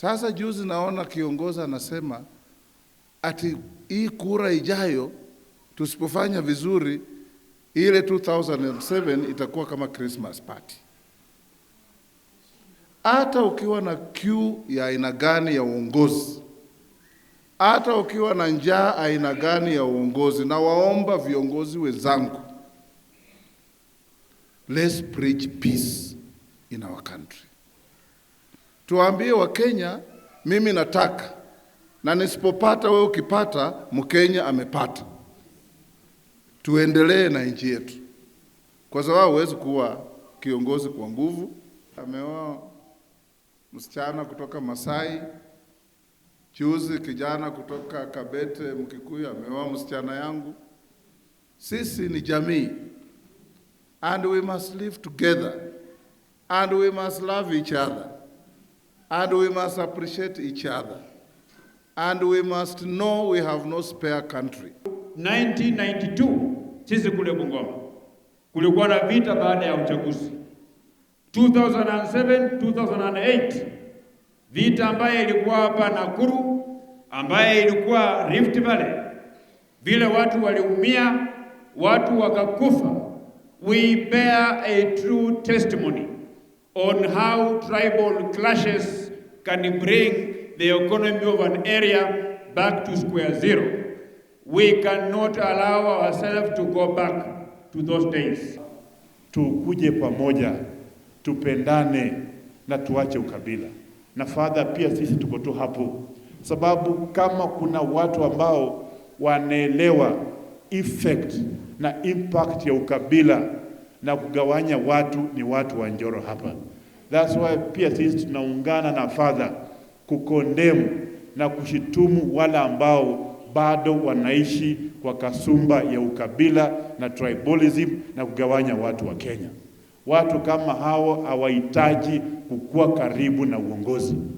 Sasa juzi naona kiongozi anasema ati hii kura ijayo tusipofanya vizuri ile 2007 itakuwa kama Christmas party. Hata ukiwa na kiu ya aina gani ya uongozi, hata ukiwa na njaa aina gani ya uongozi, na waomba viongozi wenzangu, let's preach peace in our country tuwaambie Wakenya, mimi nataka na nisipopata, wewe ukipata, Mkenya amepata. Tuendelee na nchi yetu, kwa sababu huwezi kuwa kiongozi kwa nguvu. Ameoa msichana kutoka Masai juzi, kijana kutoka Kabete Mkikuyu ameoa msichana yangu. Sisi ni jamii, and we must live together and we must love each other. And we must appreciate each other. And we must know we have no spare country. 1992 sisi kule Bungoma kulikuwa na vita baada ya uchaguzi 2007 2008, vita ambaye ilikuwa hapa Nakuru, ambaye ilikuwa Rift Valley, vile watu waliumia, watu wakakufa. We bear a true testimony on how tribal clashes can bring the economy of an area back to square zero. We cannot allow ourselves to go back to those days. Tukuje pamoja, tupendane na tuache ukabila. Na fadha pia sisi tuko tu hapo, sababu kama kuna watu ambao wanaelewa effect na impact ya ukabila na kugawanya watu ni watu wa Njoro hapa. That's why pia sisi tunaungana na Father kukondemu na kushitumu wale ambao bado wanaishi kwa kasumba ya ukabila na tribalism na kugawanya watu wa Kenya. Watu kama hao hawahitaji kukuwa karibu na uongozi.